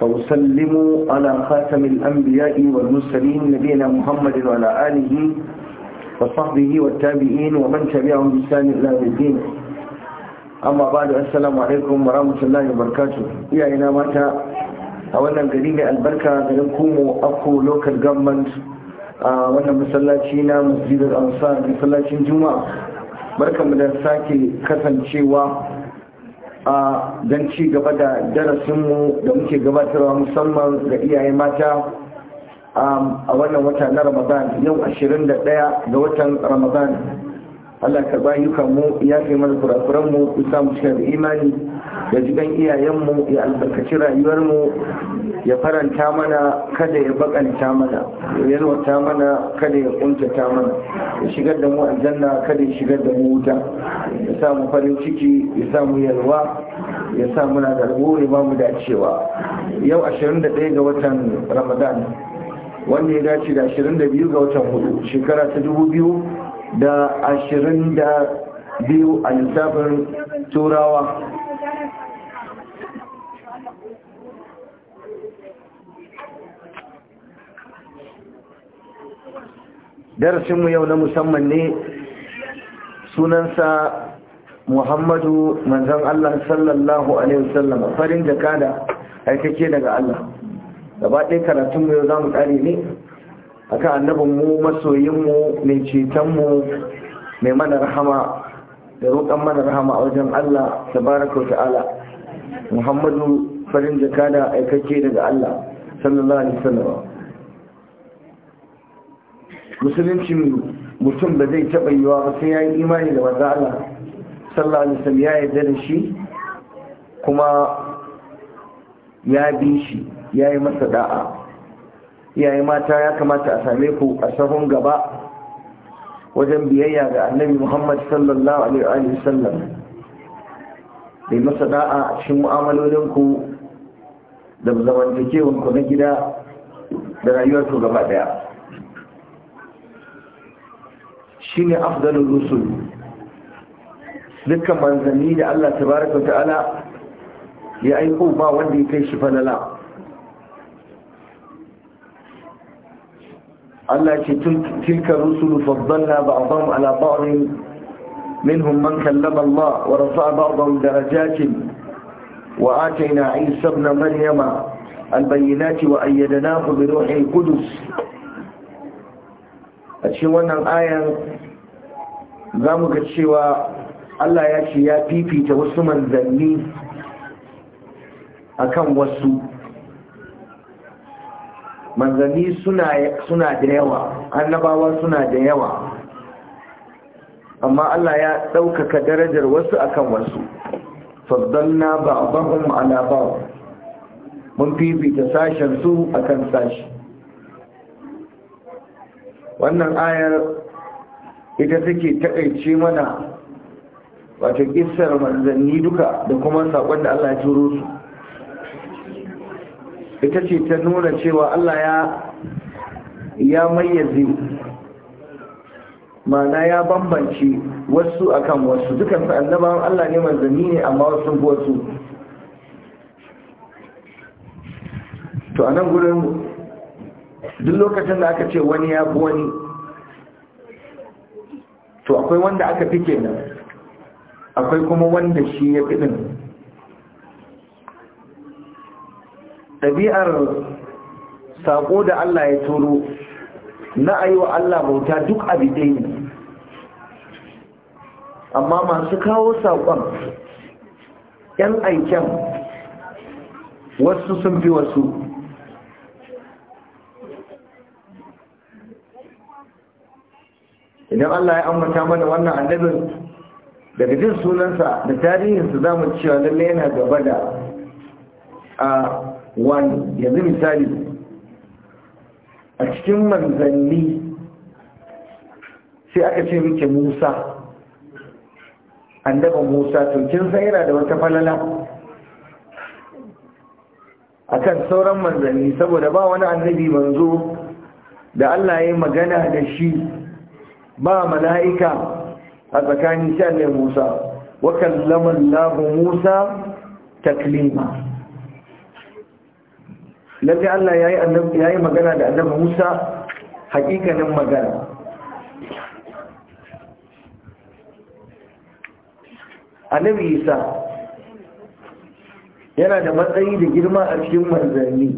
فأسلموا على خاتم الأنبياء والمرسلين نبينا محمد وعلى آله وصحبه والتابعين ومن تبعهم بإحسان إلى يوم الدين أما بعد السلام عليكم ورحمة الله وبركاته يا إنا متى أولا قليل البركة لنقوم أكو لوكال جوفمنت وأنا مسلاتينا مسجد الأنصار مسلاتين جمعة barkanmu da sake kasancewa a don ci gaba da darasinmu da muke gabatarwa musamman ga iyaye mata um, a wannan wata na ramadan yau 21 ga watan ramadan allah karba yukan mu ya fi mana kurakuranmu mu isa mu da imani ya ji iyayenmu ya albarkaci rayuwarmu ya faranta mana kada ya bakanta mana ya yalwata mana kada ya kuntata mana ya shigar da mu aljanna kada ya shigar da mu wuta ya sa mu farin ciki ya sa mu yalwa ya sa muna da rabo ya ba mu dacewa yau 21 ga watan ramadan wanda ya dace da 22 ga watan hudu shekara ta 2000 da 22 a lissafin turawa darasinmu yau na musamman ne sunansa muhammadu manzan Allah sallallahu Alaihi wasallam farin jaka da aikake daga Allah gaba ɗaya karatunmu yau za mu ƙari ne a kan annabinmu masoyinmu mai cetonmu mai mana rahama da roƙon mana rahama a wajen Allah tabaraka wa ta'ala muhammadu farin jaka da aikake daga Allah sallallahu Alaihi wasallam Musulunci mutum da zai taɓa yiwa ba sai ya yi imani da wanda Allah sallallahu alaihi ya yarda da shi kuma ya bi shi ya yi masa da'a yi mata ya kamata a same ku a sahun gaba wajen biyayya ga annabi muhammad sallallahu alaihi sallam. bai masa da'a a cikin mu'amalolinku da zamantakewanku na gida da rayuwarku gaba daya shine afdalul rusul dukkan manzanni da Allah tabaraka ta'ala ya aiko ba wanda ya kai shi falala Allah ce tilka rusulu faddalna ba'dhum ala ba'd minhum man kallama Allah wa rafa'a ba'dhum darajatin wa atayna Isa ibn Maryama البينات وأيدناه بروح القدس a cikin wannan ayan za mu ga cewa Allah ya ce ya fifita wasu manzanni kan wasu manzanni suna da yawa annabawa suna da yawa amma Allah ya ɗaukaka darajar wasu kan wasu faddalna ba'dahum ala ba. mun fifita sashen su akan sashi wannan ayar ita take takaice mana wato kissar manzanni duka da kuma saƙon da Allah ya turo su ita ce ta nuna cewa Allah ya ya mayyaze mana ya bambance wasu akan wasu su annabawan Allah ne manzanni ne amma wasu wasu to a nan duk lokacin da aka ce wani ya fi wani to akwai wanda aka fi kenan akwai kuma wanda shi ya fi ɗin ɗabi'ar saƙo da Allah ya turo na a yi wa Allah bauta duk abidai ne amma masu kawo saƙon ‘yan aiken wasu sun fi wasu idan Allah ya amata mana wannan annabin daga jin sunansa da tarihinsa za mu cewa lallai yana gaba da a wani yanzu misali a cikin manzanni sai aka ce muke musa annaba musa tunkin sai yana da wata falala a kan sauran manzanni saboda ba wani annabi manzo da Allah ya yi magana da shi ba mala'ika a tsakanin shi ne Musa wa kallama Allah Musa taklima Lati Allah yayi annabi yayi magana da annabi Musa hakikanin magana annabi Isa yana da matsayi da girma a cikin manzanni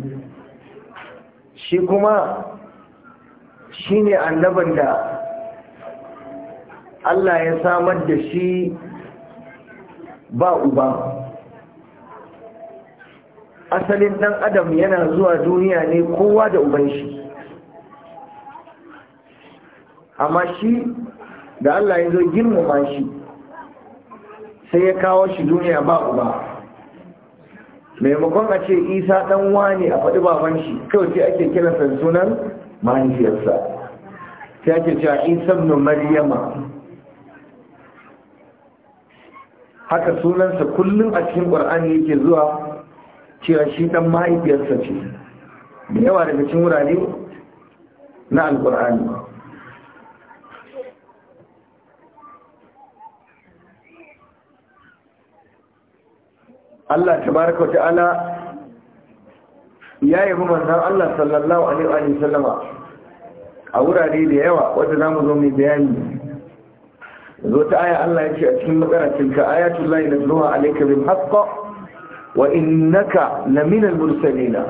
shi kuma shine annaban da Allah ya samar da shi ba uba asalin dan adam yana zuwa duniya ne kowa da uban shi amma shi da Allah ya zo girmama shi sai ya kawo shi duniya ba uba maimakon a ce isa dan wani a faɗi baban shi kawai sai ake kiransa sunan mahaifiyarsa sai ake cewa isa nomar maryama haka sunansa kullum a cikin ƙwar'ani yake zuwa cewa shi ɗan mahaifiyarsa ce da yawa daga cikin wurare na alƙwar'ani Allah tabaraka wa ta'ala ya yi manzan Allah sallallahu alaihi wa sallama a wurare da yawa wadda namu zo mai bayani zo ta aya Allah ya ce a cikin makarancin ka ayatul lahi zuwa alayka bil haqq wa innaka lamina al mursalina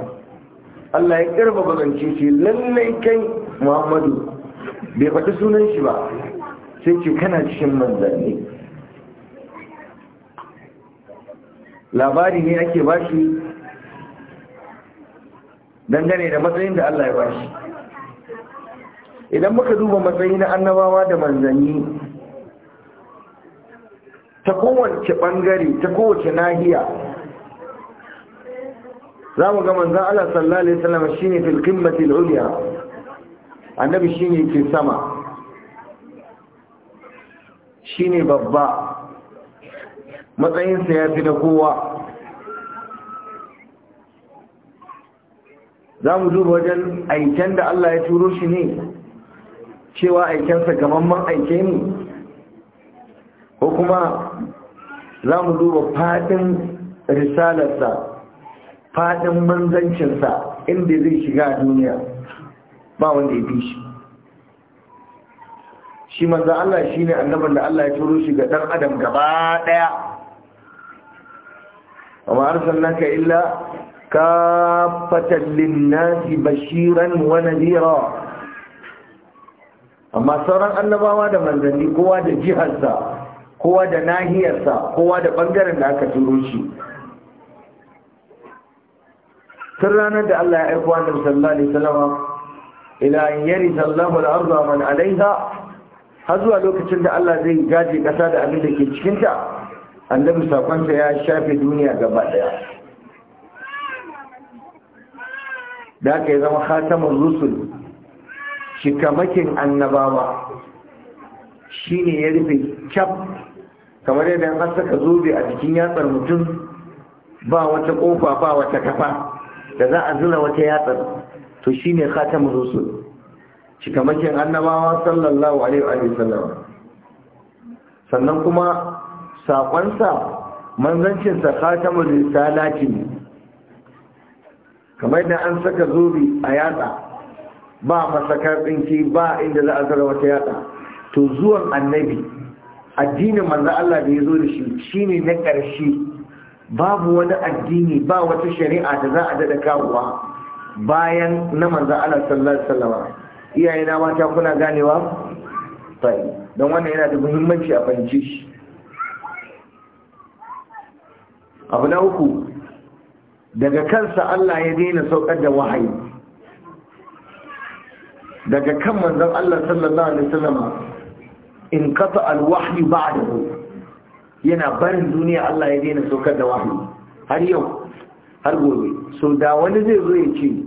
Allah ya kirba bazance shi, lallai kai Muhammadu bai faɗi sunan shi ba sai ce kana cikin manzanni labari ne ake bashi dangane da matsayin da Allah ya bashi idan muka duba matsayi na annabawa da manzanni ta kowace bangare ta kowace nahiya za mu ga manzan Allah sallallahu Alaihi wasallam shi ne filkin matil'uliya annabi shi ne ke sama shi ne babba matsayinsa ya fi na kowa za mu duba wajen aiken da Allah ya turo shi ne cewa aikensa gamamman aike ne ko kuma za mu duba fadin risalarsa fadin manzancinsa inda zai shiga a duniya ba wanda ya fi shi shi Manza Allah shi ne annabar da Allah ya turo shi ga ɗan adam gaba ɗaya amma arsalnaka illa kafatan linnasi bashiran wa nadira amma sauran annabawa da manzanni kowa da jiharsa kowa da nahiyarsa kowa da bangaren da aka turo shi tun ranar da Allah ya aiko da sallallahu alaihi Salama, ila an yarisa Allahu man alaiha har zuwa lokacin da Allah zai gaje ƙasa da abin da ke cikinta, ta annabi sakonsa ya shafe duniya gaba daya da aka yi zama khatamun rusul shikamakin annabawa shi ne ya rufe kyaf kamar yadda an saka zobe a jikin yatsar mutum ba wata kofa ba wata kafa da za a zura wata yatsar to shi ne khatamun rusul cikamakin annabawa sallallahu alaihi wa sallam sannan kuma saƙonsa manzancinsa khatamun risalati ne kamar yadda an saka zobe a yatsa ba masakar tsinki ba inda za a zara wata yatsa to zuwan annabi addinin manzo Allah da ya zo da shi shi ne na ƙarshe babu wani addini ba wata shari'a da za a dada kawowa bayan na manzo Allah sallallahu alaihi wasallam iyaye na mata kuna ganewa tai don wannan yana da muhimmanci a fahimci shi abu na uku daga kansa Allah ya daina saukar da wahayi daga kan manzon Allah sallallahu alaihi wasallam in kafa a ba'dahu yana barin duniya Allah ya daina saukar da wahayi har yau har gobe so da wani zai zo ya ce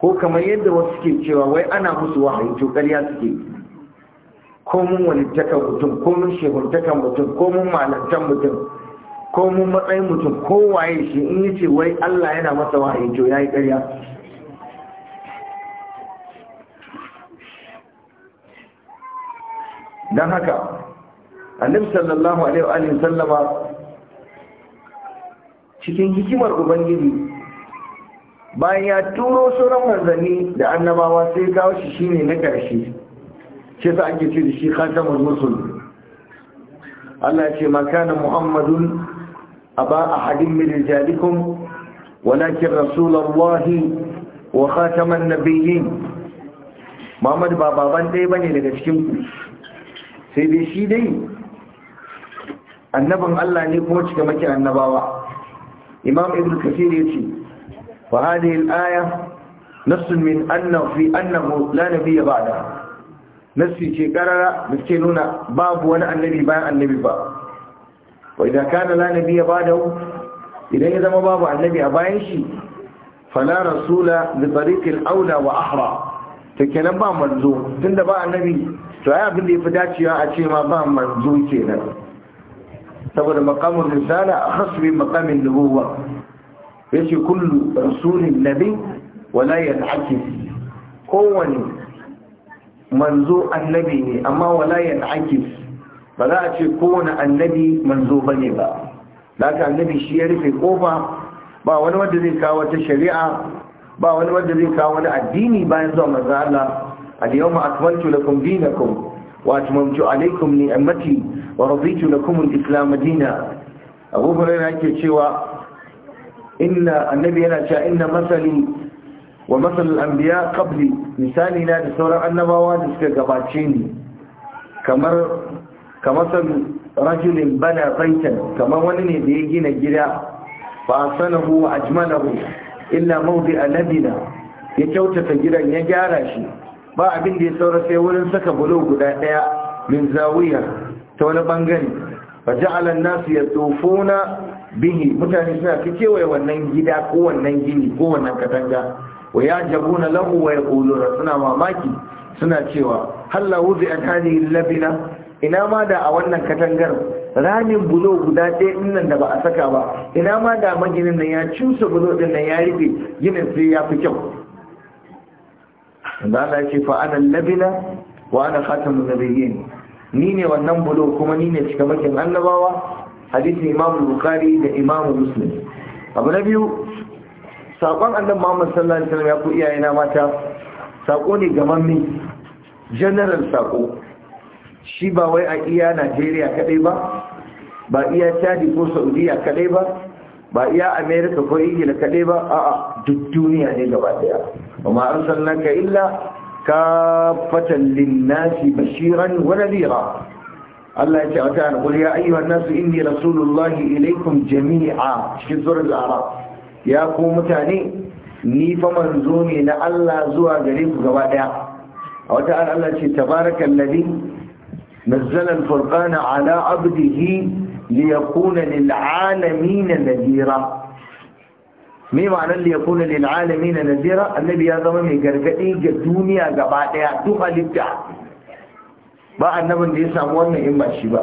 ko kamar yadda wasu suke cewa wai ana musu wahayi to ƙarya suke wani walittakan mutum komun shehuntakan mutum komun malantan mutum komun matsayin mutum kowaye shi in yace wai Allah yana masa wahayi to yayi ƙarya don haka annabi sallallahu alaihi sallama cikin hikimar ubangiji bayan ya turo sauran manzanni da annabawa sai kawo shi shine na karshe shi sa ake ce da shi khatamul musul Allah ya ce makana muhammadun aba ahadin min rijalikum walakin rasulullahi wa khataman Muhammad ba baban ɗaya bane daga cikin ku sai dai shi dai annabin Allah ne kuma cika maki annabawa imam ibn kasir ya ce fa hadhihi al-aya nass min anna fi annahu la nabiyya ba'da nassi ce karara da ke nuna babu wani annabi bayan annabi ba wa idan kana la nabiyya ba'da idan ya zama babu annabi a bayan shi fala rasula bi tariqil aula wa ahra to kenan ba manzo tunda ba annabi to ai abin da ya fi dacewa a ce ma ba manzo kenan saboda maqamul risala akhas bi maqamin nubuwa yace kullu rasulin nabi wala yata'akif kowani manzo annabi ne amma wala yata'akif ba za a ce kowane annabi manzo bane ba laka annabi shi ya rufe kofa ba wani wanda zai kawo wata shari'a ba wani wanda zai kawo wani addini bayan zuwa manzo Allah اليوم أكملت لكم دينكم وأتممت عليكم نعمتي ورضيت لكم الإسلام دينا أبو هريرة يقول إن النبي أنا إن مثلي ومثل الأنبياء قبلي مثالي لا تسورة النبوات كقباتشيني كمر كمثل رجل بنى بيتا كما ونني بيجينا جدا فأصنه وأجمله إلا موضع لبنا يكوتة جدا يجارشي ba abin da ya saura sai wurin saka bulo guda daya min zawiya ta wani bangare fa nasu an-nasu yatufuna bihi mutane suna fi kewaye wannan gida ko wannan gini ko wannan katanga wa na lahu wa kulura suna mamaki suna cewa halla wuzi a hadhihi labina ina ma da a wannan katangar ramin bulo guda ɗaya dinnan da ba a saka ba ina ma da maginin nan ya cusa bulo din nan ya rufe ginin sai ya fi kyau da Allah ya ce fa ana labila wa ana khatamun nabiyyin ni ne wannan bulo kuma ni ne cikamakin annabawa hadisi imam bukhari da imam muslim abu na biyu saƙon annabi muhammad sallallahu alaihi wasallam ya ku iyayena mata saƙo ne gamanmi general saƙo shi ba wai a iya najeriya kaɗai ba ba iya chadi ko saudiya kaɗai ba ba iya amerika ko ingila kaɗai ba a'a duk duniya ne gaba daya amma ka illa kafatan linnasi bashiran wani nadira Allah ya ce a ta'ala qul ya ayyuhan nasu inni rasulullahi ilaikum jami'a cikin tsoron al ya ku mutane ni fa manzo ne na Allah zuwa gare ku gaba daya a wata ce Allah ce tabarakallazi nazzala al-furqana ala abdihi liyakuna lil'alamin nadira me ma'anar liyakuna lil'alamin nadira annabi ya zama mai gargadi ga duniya gaba daya duk halitta ba annabin da ya samu wannan in ba shi ba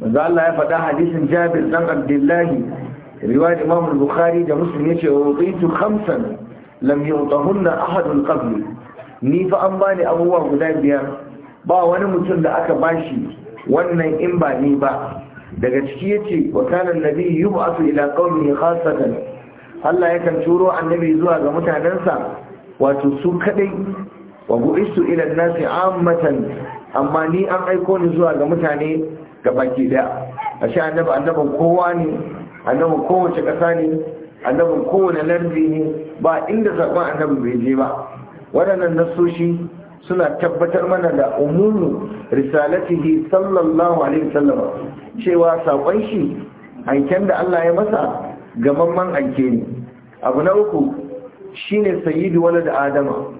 manzo Allah ya faɗa hadisin Jabir dan Abdullahi riwayar Imam Bukhari da Muslim yace utitu khamsan lam yutahunna ahadun qabli ni fa an bani abubuwa guda biyar ba wani mutum da aka bashi wannan in ba ni ba daga ciki yace wa kana annabi yub'athu ila qaumihi khassatan Allah yakan turo annabi zuwa ga mutanensa wato su kadai wa bu'istu ila an-nasi ammatan amma ni an aiko ni zuwa ga mutane baki daya ashe annabi annaban kowa ne Annaban kowace kasa ne Annaban kowane lardi ne ba inda zaban annabi bai je ba waɗannan nasoshi suna tabbatar mana da umumu risalatihi sallallahu alaihi wasallam cewa sakon shi aiken da Allah ya masa man aike ne abu na uku shine sayyidu walad adama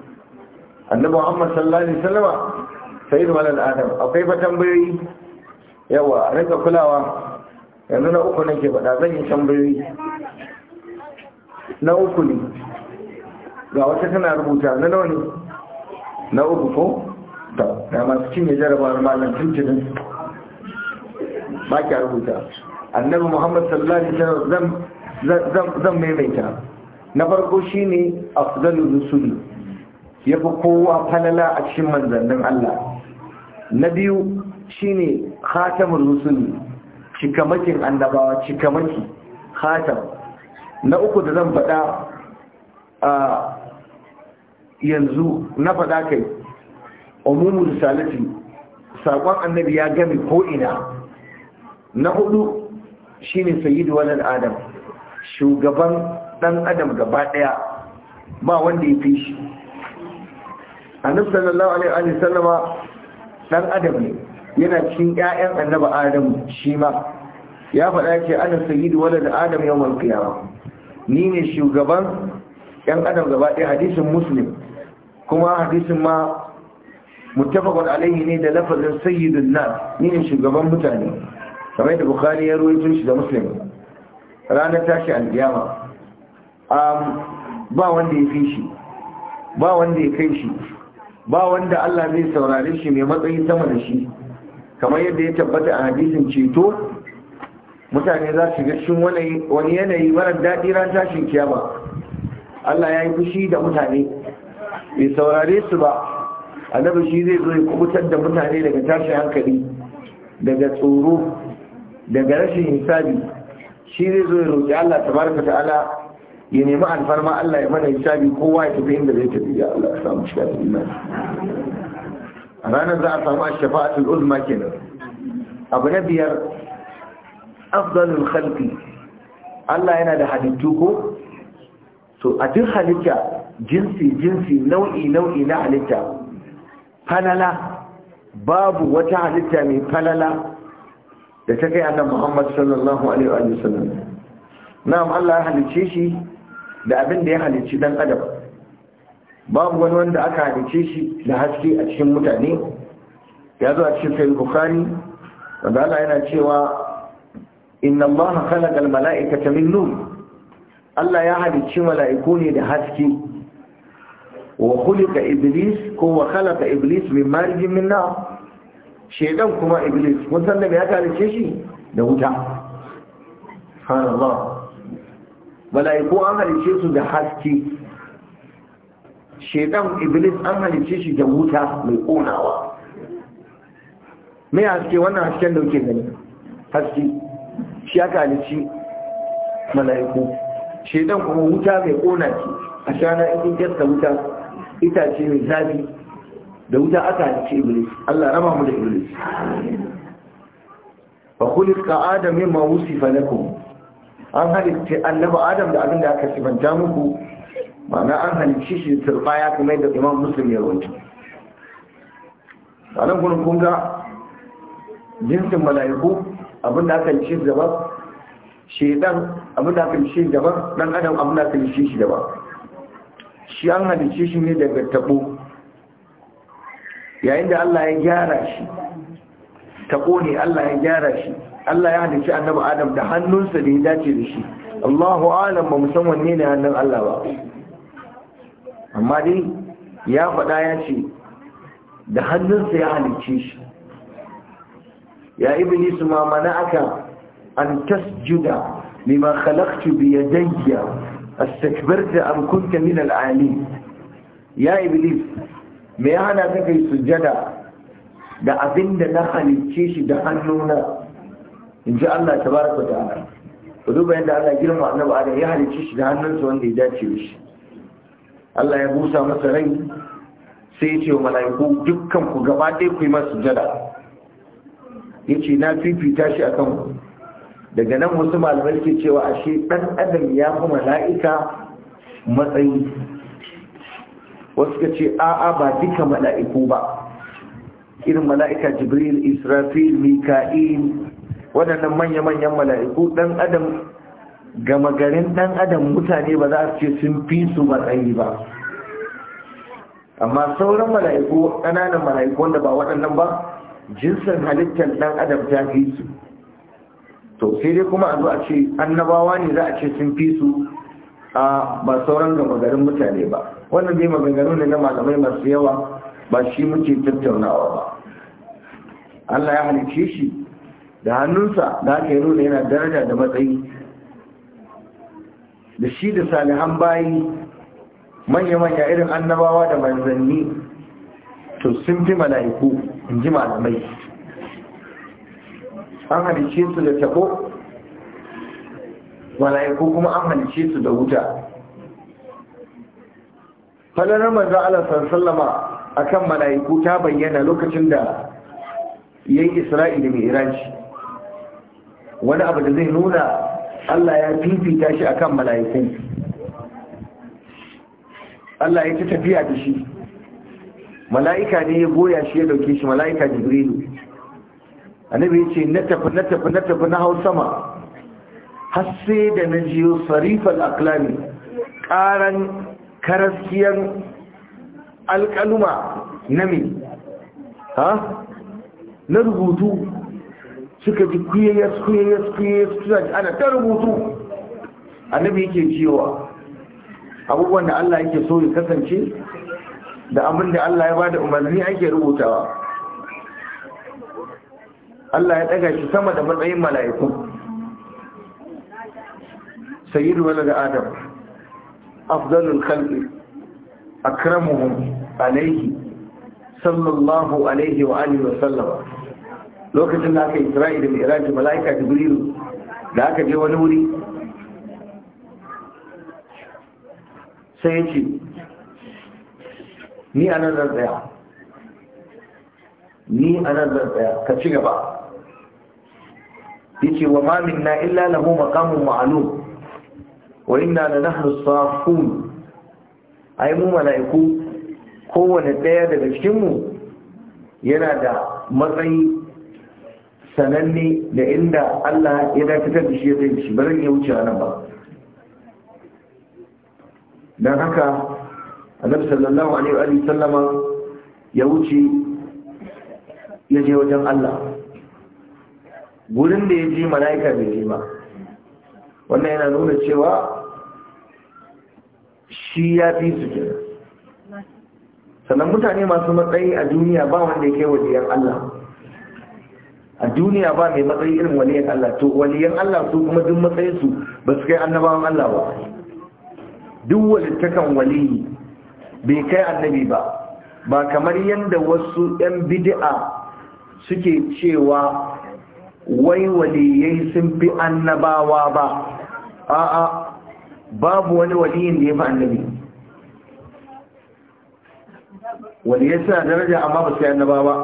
annabi Muhammad sallallahu alaihi wasallam sayyidu walad adam akwai ba tambayoyi yawa rika kulawa yanzu na uku nake faɗa zan yi tambayoyi na uku ne ga wata tana rubuta na nawa ne na uku ko ta na masu cinye jarabawar malam tuntunin baki a rubuta annabi muhammad sallallahu alaihi wasallam zan maimaita na farko shine afdalur rusul yafi kowa falala a cikin manzannin Allah na biyu shine khatamur rusul cikamakin annabawa cikamaki khatam na uku da zan faɗa a yanzu na faɗa kai umumul salati sakon annabi ya gami ko ina na hudu shine sayyidu walal adam shugaban dan adam gaba daya ba wanda ya fi shi annabi sallallahu alaihi wa sallama dan adam ne yana cikin ƴaƴan annabi adam shi ma ya faɗa ce ana sayyidu walal adam yawmal qiyamah ni ne shugaban ƴan adam gaba daya hadisin muslim kuma hadisin ma mutafakon alaihi ne da lafazin sayyidun na ne shugaban mutane kamar da bukari ya ruwaito shi da muslim ranar tashi alkiyama ba wanda ya fi shi ba wanda ya kai shi ba wanda Allah zai saurare shi mai matsayi sama da shi kamar yadda ya tabbata a hadisin ceto mutane za su ga wani yanayi marar daɗi ran tashin kiyama Allah ya yi fushi da mutane bai saurare su ba annabi shi zai zo ya kubutar da mutane daga tashin hankali daga tsoro daga rashin hisabi shi zai zo ya roƙi Allah tabaraka ta'ala ya nemi alfarma Allah ya mana hisabi kowa ya tafi inda zai tafi ya Allah ya samu shiga da imani a ranar za a samu ashafa'atul uzma kenan abu na biyar afdalul khalqi Allah yana da halittu ko to a duk halitta jinsi jinsi nau'i nau'i na halitta falala babu wata halitta mai falala da ta kai annabi Muhammad sallallahu alaihi sallam na'am Allah ya halice shi da abin da ya halici dan adam babu wani wanda aka halice shi da haske a cikin mutane ya zo a cikin sahih bukhari wanda Allah yana cewa inna allaha khalaqa al-mala'ikata min nur Allah ya halicci mala'iku ne da haske wa khuliqa iblis ko wa khalaqa iblis min marijin min nar shedan kuma iblis kun san da me aka halice da wuta subhanallah malaiku an halice su da haske shedan iblis an halice shi da wuta mai konawa me haske wannan hasken da kuke gani haske shi aka halici malaiku shedan kuma wuta mai kona ki a shana in wuta itace mai zafi da wuta aka ce iblis Allah rama mu da iblis fa ka adam mimma wusifa lakum an halicci annabi adam da abinda aka sifanta muku ma'ana an halicci shi turbaya kamar da imam muslim ya rawaito sanan kun kun ga jinsin mala'iku abin da aka ce gaba shedan abin da aka ce gaba dan adam abin da aka ce shi gaba shi an halice shi ne daga tabo yayin da Allah ya gyara shi tabo ne Allah ya gyara shi Allah ya halice annabi Adam da hannunsa da ya dace da shi Allahu alam ba musamman ne ne hannun Allah ba amma dai ya faɗa ya ce da hannunsa ya halice shi ya iblis ma mana aka an tasjuda lima khalaqtu bi yadayya astakbarta am kunta min al'ali ya iblis me ya hana ka kai sujjada da abinda na halicce shi da hannuna in ji Allah tabaraka ta'ala ku duba yadda Allah girma annabi Adam ya halicce shi da hannunsa wanda ya dace da shi Allah ya busa masa rai sai ya ce wa mala'iku dukkan ku gabata ɗaya ku yi masa sujjada yace na fifita shi akan ku daga nan wasu malamai ke cewa ashe ɗan adam ya fi mala'ika matsayi wasu ka ce a'a ba duka mala'iku ba irin mala'ika jibril israfil mika'il waɗannan manya-manyan mala'iku ɗan adam gama garin ɗan adam mutane ba za su ce sun fi su matsayi ba amma sauran mala'iku ƙananan mala'iku wanda ba waɗannan ba jinsin halittar ɗan adam ta fi su to sai dai kuma a zo a ce annabawa ne za a ce sun fi su a ba sauran gaba garin mutane ba wannan dai maganganu ne na malamai masu yawa ba shi muke tattaunawa ba Allah ya halice shi da hannunsa da aka yi nuna yana daraja da matsayi da shi da salihan bayi manya-manya irin annabawa da manzanni to sun fi mala'iku in ji malamai an halice su da tabo mala'iku kuma an halice su da wuta falalar manzo Allah sallama akan malayiku ta bayyana lokacin da yayi isra'ili mai iranci wani abu da zai nuna Allah ya fifita shi akan mala'iku Allah ya ci tafiya da shi mala'ika ne ya goya shi ya dauke shi mala'ika jibrilu annabi ya ce na tafi na tafi na tafi na hau sama har sai da na jiyo sarifar aklami ƙaran karaskiyan alƙaluma na mai ha na rubutu suka ji kuyayyas kuyayyas kuyayyas suna ji ana ta rubutu annabi yake cewa abubuwan da Allah yake so ya kasance da abin da Allah ya bada umarni ake rubutawa Allah ya ɗaga shi sama da matsayin mala'iku sayyidu wala da adam afdalul khalqi akramuhum alaihi sallallahu alaihi wa alihi wa sallama lokacin da aka yi tsirai da mi'raj mala'ika biliru da aka je wani wuri sai ya ce ni a nan ni a nan ka ci gaba yake wa ma na illa lahu maqamun ma'lum wa inna la nahnu safun ai mu mala'iku kowane daya daga cikin mu yana da matsayi sananne da inda Allah ya dakatar da shi ya zai shi bari ya wuce nan ba don haka annabi sallallahu alaihi wa sallama ya wuce ya je wajen Allah gurin da ya ji mala'ika bai ji ba wannan yana nuna cewa shi ya fi su kenan sannan mutane masu matsayi a duniya ba wanda ya kai waliyan Allah a duniya ba mai matsayi irin waliyan Allah to waliyan Allah su kuma duk matsayin su ba su kai annabawan Allah ba duk walittakan waliyi bai kai annabi ba ba kamar yadda wasu 'yan bid'a suke cewa wai waliyai sun fi annabawa ba a'a babu wani waliyin da ya fi annabi waliyai suna daraja amma ba su yi annabawa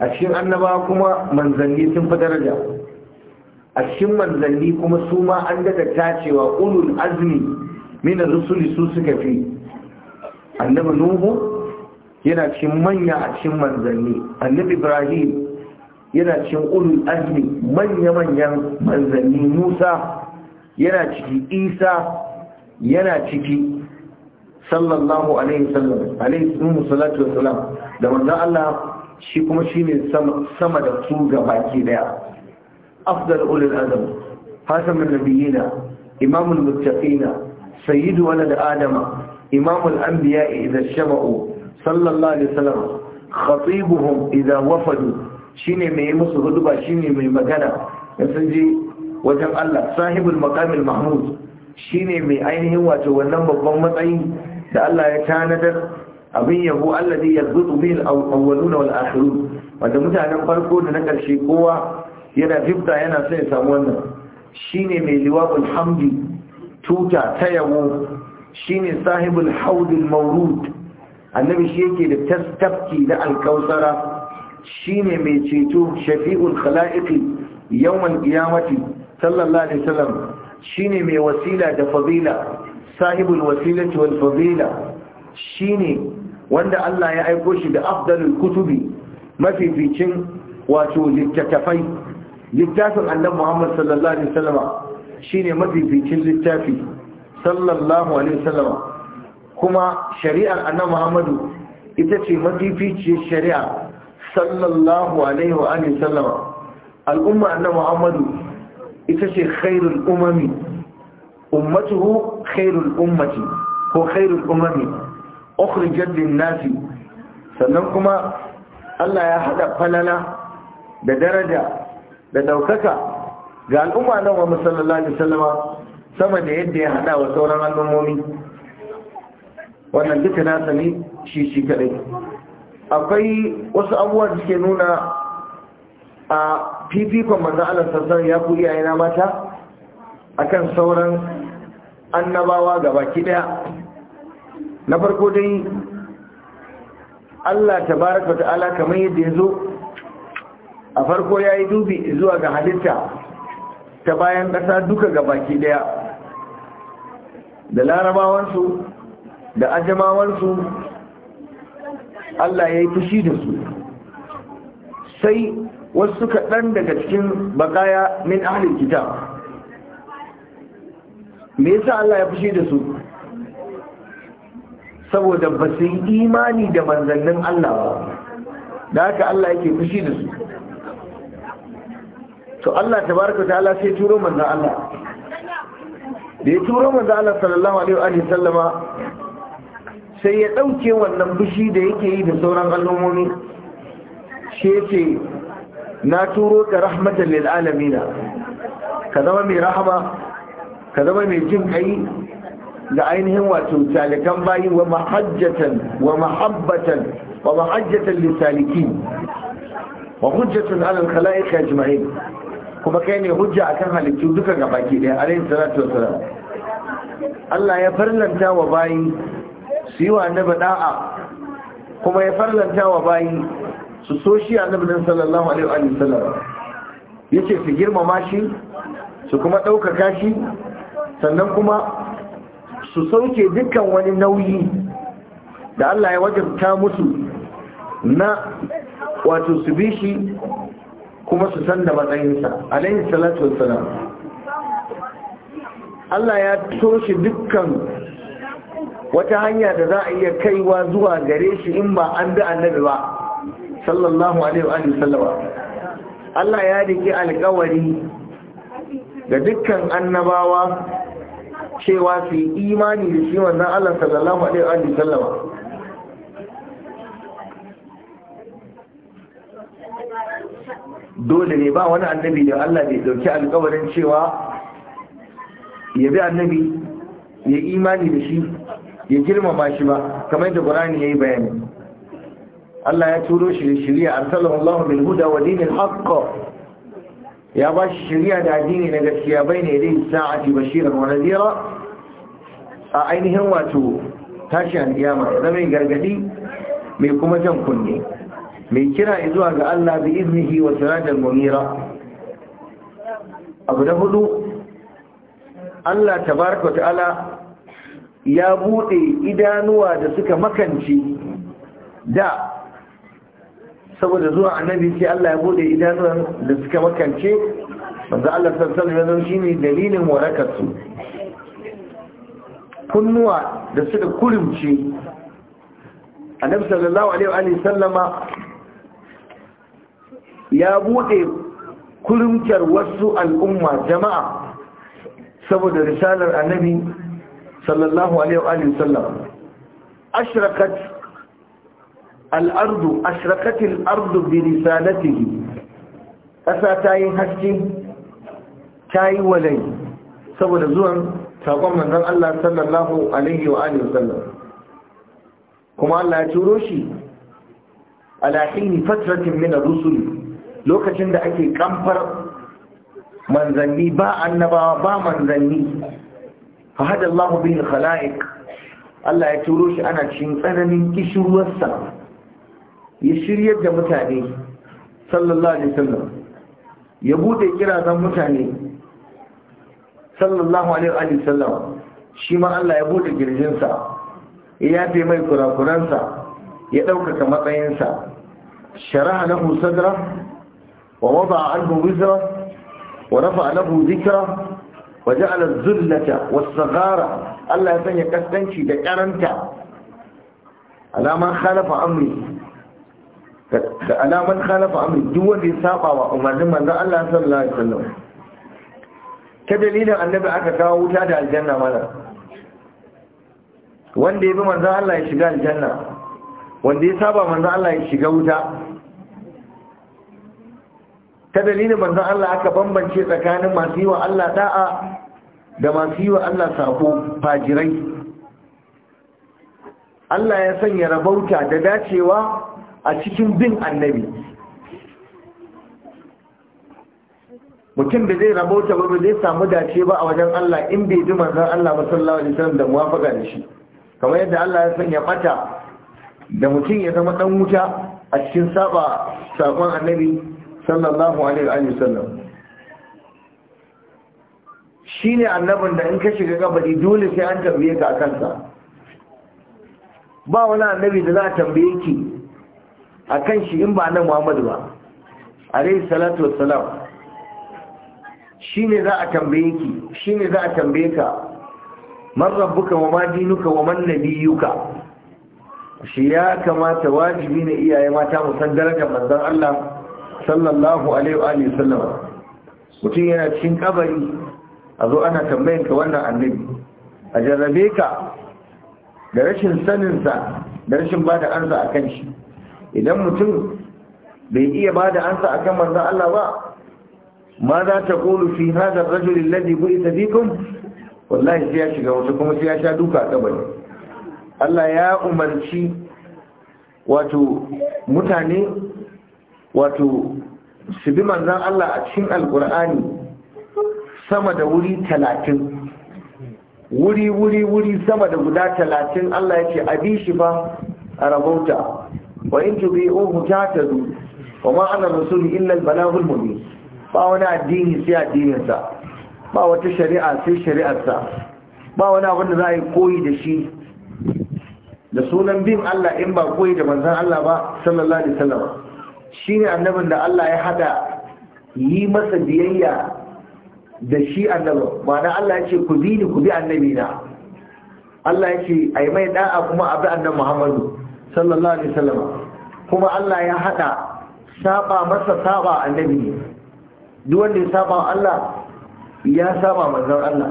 a cikin annabawa kuma manzanni sun fi daraja a cikin manzanni kuma su ma an daga tacewa ulul azmi min rusuli su suka fi annabi nuhu yana cikin manya a cikin manzanni annabi ibrahim yana cikin ulul azmi manya-manyan manzanni musa yana ciki isa yana ciki sallallahu alaihi sallam alaihi salatu da manzan allah shi kuma shi ne sama da su ga baki daya afdal ulul azam hasamin nabiyina imamul muttaqina sayyidu walad adama imamul anbiya'i idza shama'u sallallahu alaihi wasallam خطيبهم إذا وفدوا ne mai musu huduba shine mai magana Ya sun je wajen Allah sahibul makamil mahmud shine mai ainihin wato wannan babban matsayi da Allah ya tanadar abin yabo alladhi yarzuqu bihi al-awwalun wal akhirun wanda mutanen farko da na karshe kowa yana fifta yana sai samu wannan ne mai liwa'ul hamdi tuta ta yabo shine sahibul haudul maurud annabi shi yake da tastafki na alkausara Shi ne mai ceto shafi'ul khala'iqi yawmal qiyamati sallallahu alaihi wasallam ne mai wasila da fadila sahibul wasilati wal fadila ne wanda Allah ya aiko shi da afdalul kutubi mafificin wato littattafai littafin annabi Muhammad sallallahu alaihi shi ne mafificin littafi sallallahu alaihi wasallam kuma shari'ar annabi Muhammadu ita ce mafificin shari'a sallallahu alaihi wa sallama al'umma annabi muhammadu ita ce khairul umami ummatuhu khairul ummati ko khairul umami ukhrijat lin nasi sannan kuma Allah ya haɗa falala da daraja da ɗaukaka, ga al'umma annabi muhammadu sallallahu alaihi sallama sama da yadda ya haɗa wa sauran al'ummomi wannan duka na sani shi shi kadai akwai wasu abuwa da suke nuna a fifikon manzan sassan ya ku iyayena mata kan sauran annabawa baki daya na farko dai Allah ta ta ta'ala kamar yadda ya zo a farko ya yi dubi zuwa ga halitta ta bayan ƙasa duka baki daya da larabawansu da ajamawansu Allah ya yi fushi da su sai wasu kaɗan daga cikin bakaya min ahalin kita me yasa Allah ya fushi da su saboda ba su yi imani da manzannin Allah ba da haka Allah yake fushi da su to Allah ta ta ta'ala sai turo manzan Allah da ya turo manzan Allah sallallahu alaihi wa sallama sai ya ɗauke wannan fushi da yake yi da sauran al'ummomi shi yace na turo ka rahmatan lil alamina ka zama mai rahama ka zama mai jin kai ga ainihin wato talikan bayi wa mahajjatan wa mahabbatan wa mahajjatan lil salikin wa hujjatan ala al khalaiq ajma'in kuma kai ne hujja akan halittu duka gabaki daya alayhi salatu wassalam Allah ya farlanta wa bayi su yi wa annabi da'a kuma ya farlanta wa bayi su so shi annabi nan sallallahu alaihi wa sallam yace su girmama shi su kuma ɗaukaka shi sannan kuma su sauke dukkan wani nauyi da Allah ya wajabta musu na wato su bi shi kuma su san da matsayinsa alaihi salatu wassalam Allah ya toshe dukkan wata hanya da za a iya kaiwa zuwa gare shi in ba an bi annabi ba sallallahu alaihi wa sallama Allah ya rike alƙawari ga dukkan annabawa cewa su yi imani da shi wannan Allah sallallahu alaihi wa sallama dole ne ba wani annabi da Allah bai dauki alƙawarin cewa ya bi annabi ya imani da shi ya girmama shi ba kamar da ya yi bayani Allah ya turo shi shari'a arsalahu Allahu bil huda wa dinil haqq ya ba shi shari'a da addini na gaskiya bayne yadayhi sa'ati bashiran wa nadhira a ainihin wato tashi alkiyama zama mai gargadi mai kuma jan kunne mai kira zuwa ga Allah bi iznihi wa sirajal munira abu na hudu Allah tabaraka ta'ala ya buɗe idanuwa da suka makanci da saboda zuwa annabi sai Allah ya buɗe idanuwa da suka makance manzo Allah sallallahu alaihi wasallam shine dalilin warakarsu kunnuwa da suka kurumce annabi sallallahu alaihi wa sallama ya buɗe kurumcar wasu al'umma jama'a saboda risalar annabi sallallahu alaihi wa sallam ashrakat al-ardu ashrakat al-ardu bi risalatihi kasa ta yi haske ta yi walai saboda zuwan sakon manzon Allah sallallahu alaihi wa sallam kuma Allah ya turo shi ala hini fatratin min ar-rusuli lokacin da ake kamfar manzanni ba annabawa ba manzanni fa hada Allah bihi Allah ya turo shi ana cin tsananin kishirwarsa ya shiryar da mutane sallallahu alaihi wasallam ya bude kirazan mutane sallallahu alaihi wasallam shi ma Allah ya bude girjinsa ya yafe mai kurakuransa ya ɗaukaka matsayinsa shara'a lahu sadra wa wada anhu wizra wa rafa lahu dhikra وجعل الذلة والصغارة الله يسني كسكنشي دا كرنتا على من خالف أمري على من خالف أمري دول يسابع وأمر من ذا الله صلى الله عليه وسلم كدليل النبي أكا كاو تادع الجنة مالا wanda ya bi manzan Allah ya shiga aljanna wanda ya saba manzan Allah ya shiga wuta ta dalilin manzon Allah aka bambance tsakanin masu yi wa Allah da'a da masu yi wa Allah sako fajirai Allah ya sanya rabauta da dacewa a cikin bin annabi mutum da zai rabauta ba zai samu dace ba a wajen Allah in bai ji manzon Allah ba sallallahu alaihi wasallam da muwafaka da shi kamar yadda Allah ya sanya mata da mutum ya zama dan wuta a cikin saba sakon annabi sallallahu alaihi wa sallam shi ne annabin da in ka shiga kabari dole sai an tambaye ka a kansa ba wani annabi da za a tambaye ki a kan shi in ba nan muhammadu ba alaihi salatu wassalam shi ne za a tambaye ki shi ne za a tambaye ka man rabbuka wa ma dinuka wa man nabiyuka shi ya kamata wajibi ne iyaye mata mu san darajar manzon Allah sallallahu alaihi wa sallam mutum yana cikin kabari a zo ana tambayin ka wannan annabi a jarrabe ka da rashin saninsa da rashin ba da ansa a kan shi idan mutum bai iya ba da ansa a kan manzan Allah ba ma za ta ƙolu fi hadar rajulun lalli buɗe ta bikon wallahi sai ya shiga wata kuma sai ya sha duka a kabari Allah ya umarci wato mutane wato su bi manzan Allah a cikin alkur'ani sama da wuri talatin wuri wuri wuri sama da guda talatin Allah ya ce a bi shi fa a rabauta wa in tubi uhu ta tazu wa ma ana rasul illa al balagul mubin ba wani addini sai addinin sa ba wata shari'a sai shari'ar sa ba wani abin da za a yi koyi da shi da sunan bin Allah in ba koyi da manzan Allah ba sallallahu alaihi wasallam shi ne annabin da Allah ya hada yi masa biyayya da shi annabin ma'ana Allah ya ce ku bi ni ku bi annabi na Allah ya ce a yi mai da'a kuma a bi annabi Muhammadu sallallahu alaihi wasallam kuma Allah ya hada saba masa saba annabi duk wanda ya saba Allah ya saba manzon Allah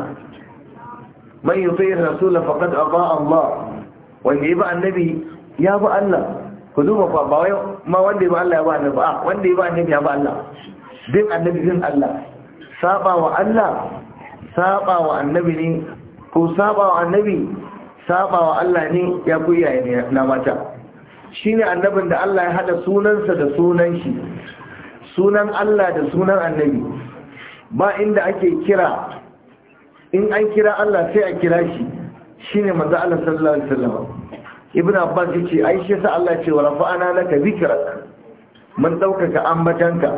man yuti rasul faqad aba Allah wanda ya bi annabi ya bi Allah ku duba ba ba wai ma wanda ba Allah ya ba ni a wanda ya ba ni ya ba Allah bin annabi din Allah saba wa Allah saba wa annabi ne ko saba wa annabi saba wa Allah ne ya ku iyaye ne na mata shine annabin da Allah ya hada sunansa da sunan shi sunan Allah da sunan annabi ba inda ake kira in an kira Allah sai a kira shi shine manzo Allah sallallahu alaihi wasallam ibn abbas yace ai shi sa Allah ce wa rafa'ana laka zikrak mun daukaka ambatanka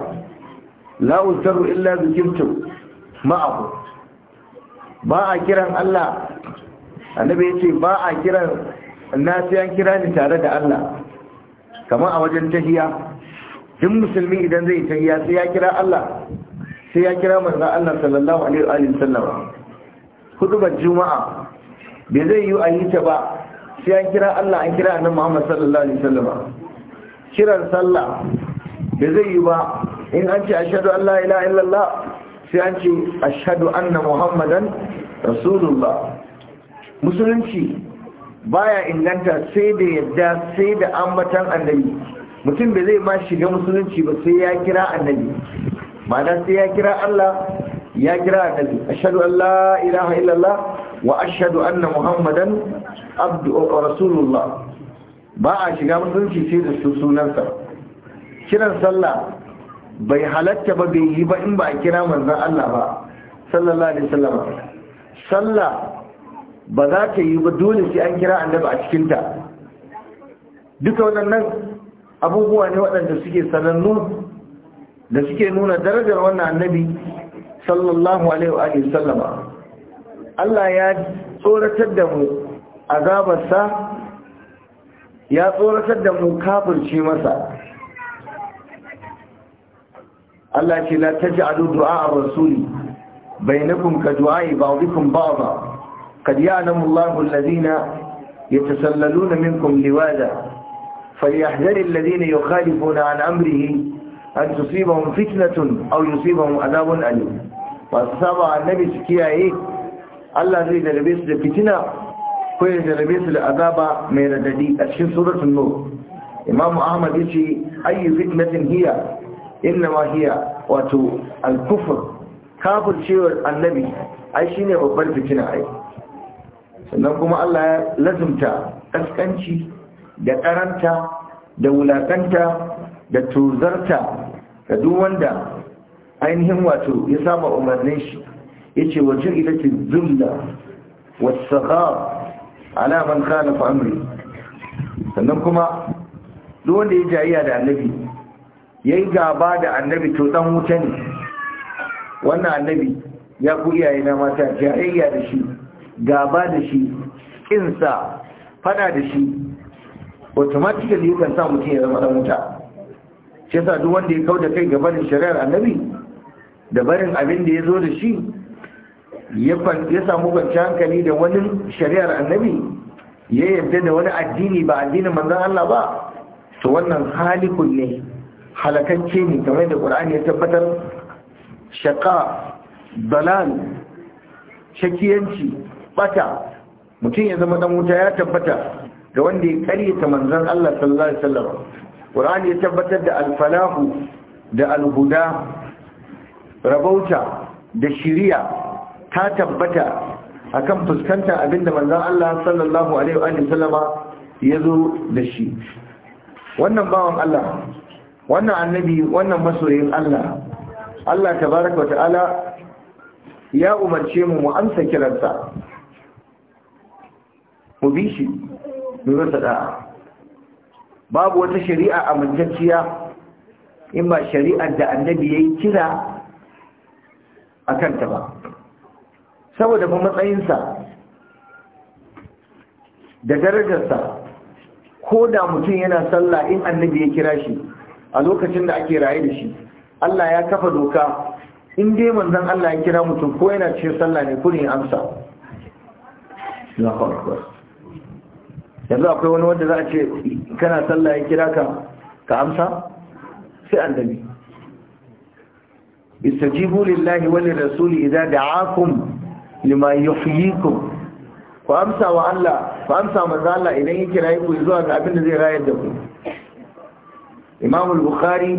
la uzkaru illa zikirtu ma'ahu ba a kiran Allah annabi yace ba a kiran na sai an kira ni tare da Allah kamar a wajen tahiya duk musulmi idan zai tahiya sai ya kira Allah sai ya kira manzo Allah sallallahu alaihi wa sallam hudubar juma'a bai zai yi ayyuka ba sai an kira Allah an kira annabi Muhammad sallallahu alaihi wasallam kiran sallah da zai yi ba in an ce ashhadu an la ilaha illallah sai an ce ashhadu anna muhammadan rasulullah musulunci baya inganta sai da yadda sai da ambatan annabi mutum bai zai ma shiga musulunci ba sai ya kira annabi ma'ana sai ya kira Allah ya kira annabi ashhadu an la ilaha illallah wa ashhadu anna muhammadan abdu rasulullah ba a shiga musulunci sai da su sunansa kiran sallah bai halatta ba bai yi ba in ba a kira manzon Allah ba sallallahu alaihi wasallam sallah ba za ta yi ba dole sai an kira annabi a cikinta. ta duka waɗannan abubuwa ne waɗanda suke sanannu da suke nuna darajar wannan annabi sallallahu alaihi wa sallama Allah ya tsoratar da mu a ya tsoratar da mu kafirci masa Allah ce la ta ji a du'a rasuli bai nufin ka du'ayi ba wufin ba ba kad yi anan mullahun lalina ya minkum liwada falyahzari lalina ya an na an su fitnatun au yi siba mu azabun ali ba su saba annabi su kiyaye Allah zai da su da fitina ko ya jarabe su da azaba mai radadi a cikin suratun nur imam ahmad ya ce ayyu fitnatin hiya inna ma hiya wato al-kufr cewar annabi ai shine babbar fitina ai sannan kuma Allah ya lazumta kaskanci da karanta da wulakanta da tuzarta da duk wanda ainihin wato ya saba umarnin shi yace wajin ila tizilla wasghar ala man khalafa amri sannan kuma duk wanda ya jayayya da annabi yayi gaba da annabi to dan wuta ne wannan annabi ya ku iyaye na mata jayayya da shi gaba da shi kinsa fada da shi automatically yakan sa mutum ya zama dan wuta shi yasa duk wanda ya kauda kai gaban shari'ar annabi da barin abin da ya zo da shi ya samu kwanci hankali da wani shari'ar annabi ya yarda da wani addini ba addinin manzan Allah ba to wannan halikun ne halakacce ne kamar da ƙura'an ya tabbatar Shaƙa balan, shakiyanci ɓata, mutum ya zama dan wuta ya tabbata Da wanda ya karyata manzan Allah sallallahu alaihi wasallam ƙura'an ya tabbatar da alfalahu da alhuda rabauta da shiriya ta tabbata a kan fuskantar abinda manzan Allah sallallahu alaihi salama ya yazo da shi wannan bawan Allah wannan annabi wannan masoyin Allah Allah tabaaraka ta'ala ya umarce mu mu amsa kiransa mu bi shi mu rasa babu wata shari'a a amintacciya in ba shari'ar da annabi yi kira a kanta ba saboda ba matsayinsa da darajarsa ko da mutum yana sallah in annabi ya kira shi a lokacin da ake raye da shi Allah ya kafa doka in dai manzan Allah ya kira mutum ko yana cikin sallah ne kurin amsa yanzu akwai wani wanda za a ce kana sallah ya kira ka ka amsa sai annabi istajibu lillahi wani rasuli idan da'akum lima yuhyikum ku amsa wa Allah ku amsa manzo Allah idan ya kira ku zuwa ga abin da zai rayar da ku Imam al-Bukhari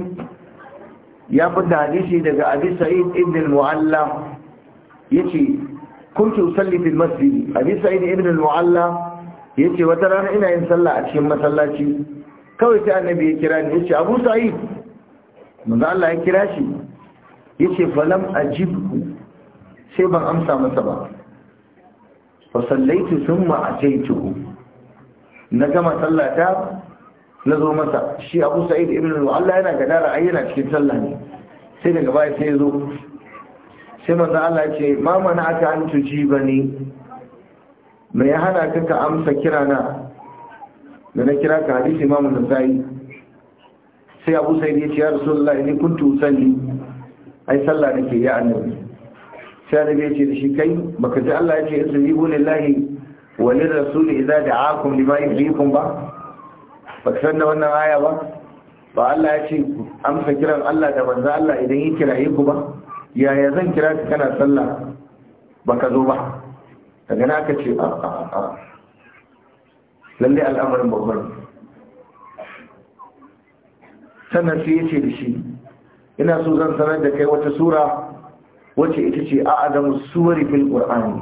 ya fada hadisi daga Abi Sa'id ibn al-Mu'alla yace kuntu usalli fil masjid Abi Sa'id ibn al-Mu'alla yace wata rana ina yin sallah a cikin masallaci kawai sai annabi ya kira ni yace Abu Sa'id manzo Allah ya kira shi yace falam ajibku sai ban amsa masa ba fa sallaitu thumma ataituhu na gama ta na zo masa shi Abu Sa'id ibn Allah yana gada da yana cikin sallah ne sai daga baya sai ya zo sai manzo Allah ya ce ma mana aka an ne? me ya hana ka ka amsa na? da na kira ka hadisi Imam Nasa'i sai Abu Sa'id ya ce ya Rasulullahi ni kuntu usalli ai sallah nake ya annabi sai annabi ya ce da shi kai baka ji Allah ya ce wani lillahi wa rasuli idza da'akum lima yuhyikum ba baka san da wannan aya ba ba Allah ya ce amsa kiran Allah da manzo Allah idan ya kira ku ba yaya zan kira ka kana sallah baka zo ba daga na ka ce a a a lalle al'amarin babban sannan shi ya ce da shi ina so zan sanar da kai wata sura wacce ita ce a adamu suwari fil qur'ani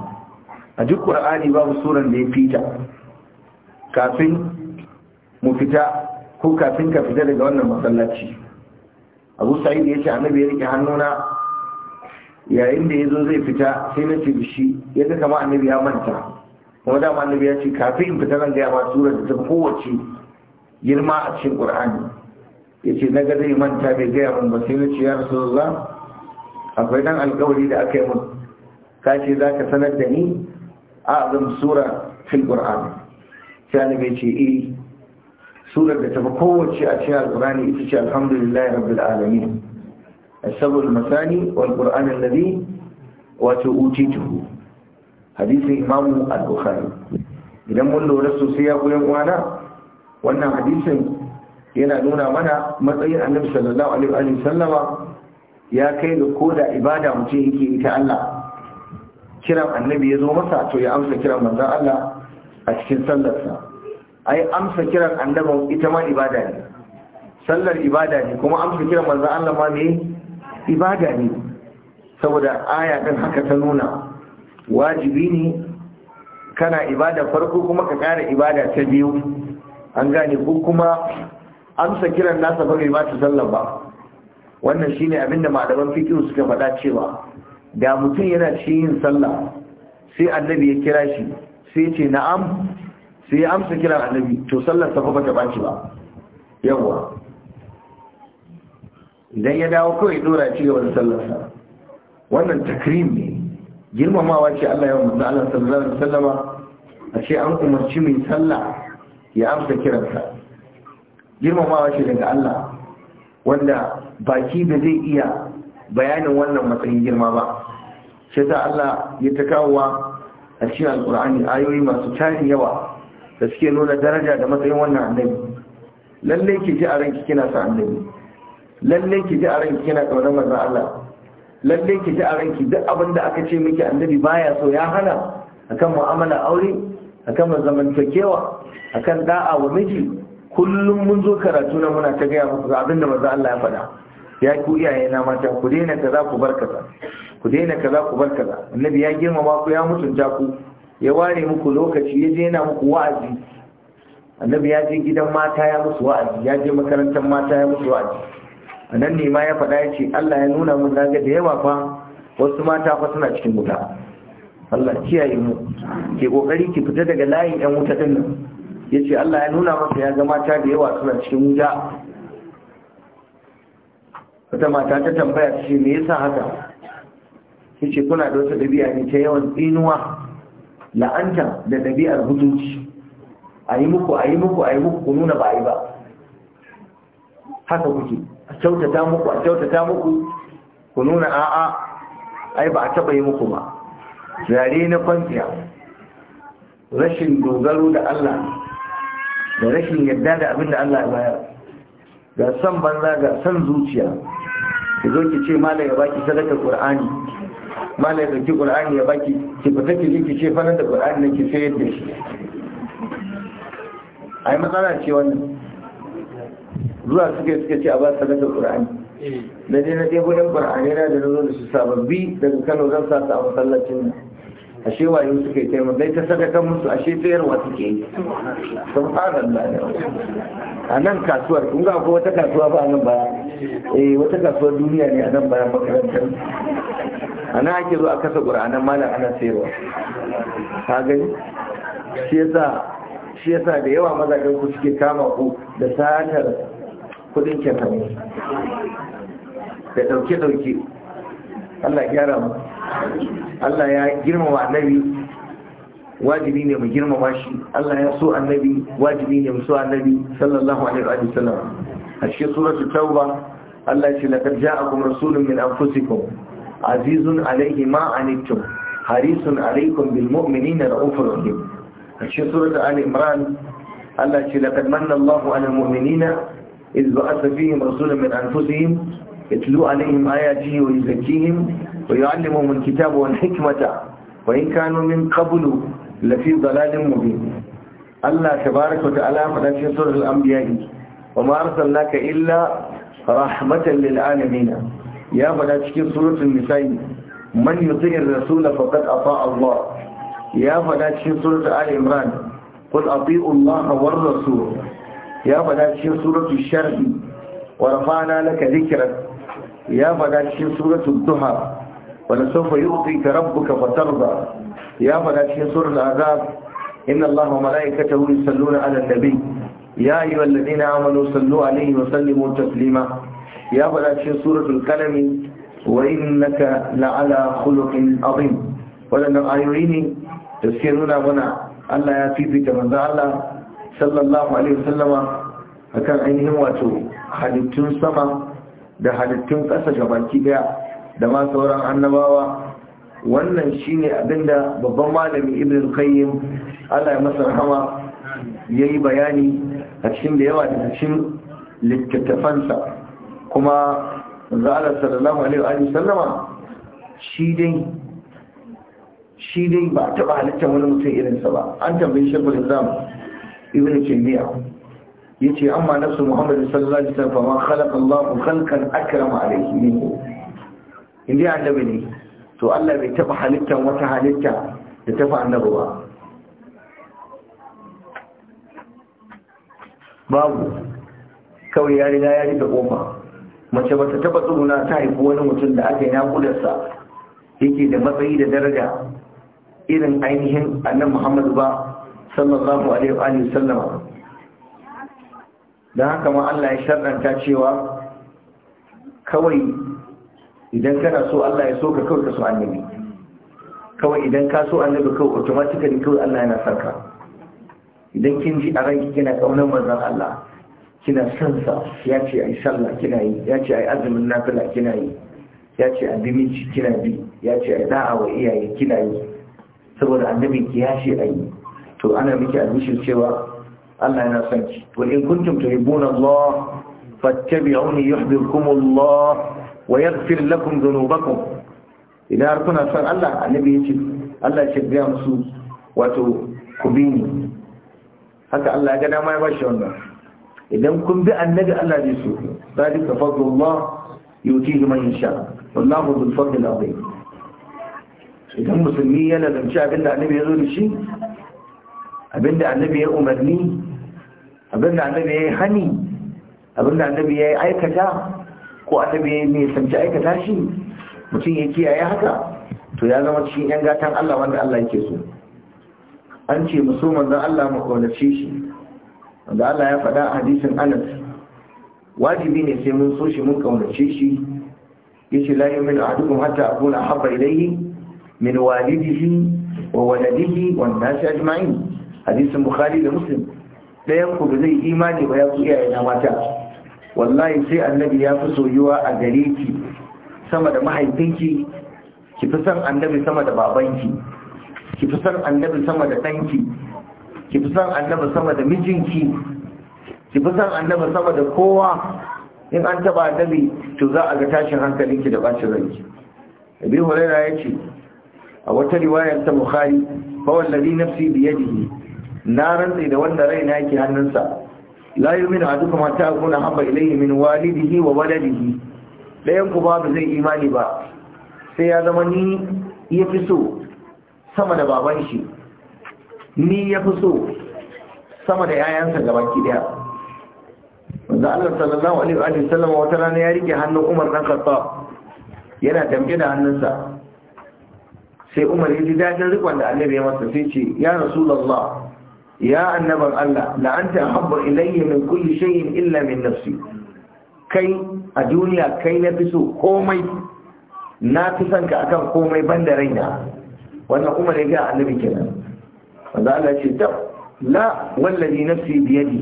a duk qur'ani babu suran da ya fita kafin mu fita ko kafin ka fita daga wannan masallaci abu sa'id ya ce annabi ya rike hannuna yayin da ya zo zai fita sai na ce bishi ya ga kama annabi ya manta kuma dama annabi ya ce kafin in fita nan gaya ma sura da ta kowace girma a cikin qur'ani ya ce na ga zai manta bai gaya min ba sai na ce ya rasu akwai nan alƙawari da aka yi mun ka ce za ka sanar da ni a azam sura fil qur'an sai annabi ce eh surar da ta fi kowace a cikin alƙur'ani ita ce alhamdulillahi rabbil alamin asabul masani wal qur'an alladhi wato utituhu hadisin imamu al-bukhari idan mun lura sosai ya goyon uwana wannan hadisin yana nuna mana matsayin annabi sallallahu alaihi wa sallama ya kai da ko da ibada mutum yake ita Allah kiran annabi ya zo masa to ya amsa kiran manzon Allah a cikin sallarsa ai amsa kiran annabin ita ma ibada ne sallar ibada ne kuma amsa kiran manzon Allah ma ne ibada ne saboda aya din haka ta nuna wajibi ne kana ibada farko kuma ka kara ibada ta biyu an gane ko kuma amsa kiran nasa ba bai ba ta sallar ba wannan shine abinda malaman fikihu suka faɗa cewa da mutum yana ci yin sallah sai annabi ya kira shi sai ce na'am sai ya amsa kiran annabi to sallar sa ba ta baci ba yawa idan ya dawo kawai dora ci gaba da sallar sa wannan takrim ne girmamawa ce Allah ya manzo Allah sallallahu alaihi wasallama a ce an umarci mai sallah ya amsa kiransa girmamawa ce daga Allah wanda baki da zai iya bayanin wannan matsayin girma ba shi ta Allah ya ta kawowa a cikin alkur'ani ayoyi masu tari yawa da suke nuna daraja da matsayin wannan annabi lallai ki ji a ranki kina sa annabi lallai ki ji a ranki kina kaunar manzon Allah lallai ki ji a ranki duk abin da aka ce miki annabi baya so ya hana akan mu'amala aure akan zamantakewa akan da'a wa miji kullum mun zo karatu na muna ta gaya muku ga abin da manzon Allah ya faɗa ya ku iyaye na mata ku daina kaza ku bar kaza ku daina za ku bar annabi ya girmama ku ya mutunta ku ya ware muku lokaci ya je yana muku wa'azi annabi ya je gidan mata ya musu wa'azi ya je makarantar mata ya musu wa'azi a nan ne ma ya faɗa ya ce Allah ya nuna mun zaga da yawa fa wasu mata fa suna cikin wuta Allah kiyaye mu ke kokari ki fita daga layin yan wuta din nan yace Allah ya nuna masa ya ga mata da yawa suna cikin wuta wata mata ta tambaya ta ce me yasa haka ta ce kuna da wata ɗabi'a ne ta yawan tsinuwa la'anta da ɗabi'ar hutunci a yi muku a yi muku a yi muku ku nuna ba a yi ba haka kuke a kyautata muku a kyautata muku ku nuna a'a ai ba a taɓa yi muku ba zare na kwanciya rashin dogaro da Allah da rashin yadda da abin da Allah ya bayar ga san banza ga san zuciya ki zo ki ce mala ya baki sadaka qur'ani mala ya dauki qur'ani ya baki ki fita ki ji ki ce fa da qur'ani ne ki sayar da shi ai matsala ce wannan zuwa suke suke ce a ba sadaka qur'ani da dai na dai gudun qur'ani na da nazo da su sababbi daga Kano zan sa a masallacin nan ashe wayo suka yi taimaka dai ta sadaka musu ashe sayarwa suke yi subhanallah a nan kasuwar kun ga akwai wata kasuwa ba nan ba eh wata kasuwar duniya ne a nan bayan makarantar a nan ake zo a kasa ƙura'anan malam ana sayarwa ta gani shi yasa sa da yawa mazajen ku suke kama ku da satar kudin kyautami da dauke-dauke Allah gyara mu Allah ya girmama annabi wajibi ne mu girmama shi Allah ya so annabi wajibi ne mu so annabi sallallahu alaihi wa sallam a cikin suratu tauba Allah ya ce laqad ja'akum rasulun min anfusikum azizun alayhi ma anittum harisun alaykum bil mu'minina ra'ufur rahim a cikin suratu ali imran Allah ya ce laqad manna Allahu 'alal mu'minina إذ بعث فيهم رسولا من أنفسهم يتلو عليهم آياته ويزكيهم ويعلمهم الكتاب والحكمة وإن كانوا من قبل لفي Allah مبين الله تبارك وتعالى فلا في سورة الأنبياء وما أرسلناك إلا رحمة للعالمين يا بنا تشكي سورة النساء من يطيع الرسول فقد أطاع الله يا بنا تشكي سورة آل عمران قل أطيعوا الله والرسول يا بنا تشكي سورة الشرع ورفعنا لك ذكرك يا بنا تشكي سورة الدهى ولسوف يعطيك ربك فترضى يا بنا تشكي سورة العذاب إن الله وملائكته يصلون على النبي ya ayyuha alladhina amanu sallu alaihi sallimu taslima ya faɗa cikin suratul qalam wa innaka la'ala khuluqin azim wadannan ayoyi ne da suke nuna mana Allah ya fifita manzo Allah sallallahu alaihi wasallama akan ainihin wato halittun sama da halittun ƙasa ga baki ɗaya, da ma sauran annabawa wannan shine abinda babban malami ibn al-qayyim Allah ya masa rahama yayi bayani a cikin da yawa da cikin littattafansa kuma za'ala sallallahu alaihi wa sallama shi dai shi dai ba taɓa halittar wani mutum irinsa ba an tambayi shekul islam ibn taymiya yace amma nafsu muhammad sallallahu alaihi wasallam ma khalaqa Allahu khalqan akrama alayhi minhu indai annabi ne to Allah bai taɓa halittar wata halitta da tafi annabi ba babu kawai ya riga ya riga kofa mace ba ta taba tsuguna ta haifi wani mutum da aka yi kudarsa yake da matsayi da daraja irin ainihin annan muhammadu ba sallallahu alaihi sallama don haka ma allah ya sharranta cewa kawai idan kana so allah ya so ka kawai ka so annabi kawai idan ka so annabi kawai automatically kawai allah yana sarka idan kin ji a ranki kina kaunar manzon Allah kina son sa ya ce ai sallah kina yi ya ce ai azumin nafila kina yi ya ce a biminci kina bi ya ce a da'a wa iyaye kina yi saboda annabi ki ya ce ayi to ana miki albishir cewa Allah yana son ki wa in kuntum tuhibbuna Allah fattabi'uni yuhibbukum Allah wa yaghfir lakum dhunubakum idan har kuna son Allah annabi ya ce Allah ya ce ga musu wato ku bi ni haka Allah ya ga dama ya bashi wannan idan kun bi annabi Allah zai so zalika fadlullah yutihi man yasha wallahu dhul fadl azim idan musulmi yana zance abinda annabi ya zo da shi abinda annabi ya umarni abinda annabi ya hani abinda annabi ya aikata ko annabi ya sanci aikata shi mutum ya kiyaye haka to ya zama cikin yan gatan Allah wanda Allah yake so an ce musu manzan Allah makwalace shi wanda Allah ya faɗa a hadisin anas wajibi ne sai mun so shi mun kaunace shi yace a yu'minu ahadukum a akuna habba ilayhi min walidihi wa waladihi wan nas ajma'in hadisin bukhari da muslim Ɗayan ku zai imani ba ya ku iyaye na mata wallahi sai annabi ya fi soyuwa a gare ki sama da mahaifinki ki fi son annabi sama da babanki ki fi son annabi sama da ɗanki ki fi son annabi sama da mijinki ki fi son annabi sama da kowa in an taba annabi to za a ga tashin hankalinki da bacin ranki abin hulaira ya ce a wata riwayar ta bukhari fa wallazi nafsi bi yadihi na rantse da wanda raina yake hannunsa min a duka mata kuna haɓa ilayhi min walidihi wa waladihi Ɗayan ku babu zai imani ba sai ya zama ni ya fi so sama da baban shi ni ya fi so sama da yayansa gaba ki wanda Allah sallallahu alaihi wa sallam wata rana ya rike hannun Umar na Khattab yana damke da hannunsa sai Umar ya ji dadin rikon da Annabi ya masa sai ce ya Rasulullah ya annaban Allah la a ahabba ilayya min kulli shay'in illa min nafsi kai a duniya kai na fi so komai na fi son ka akan komai banda raina wannan umar ya ga annabi kenan wanda Allah ya ce ta. la wallazi nafsi biyadi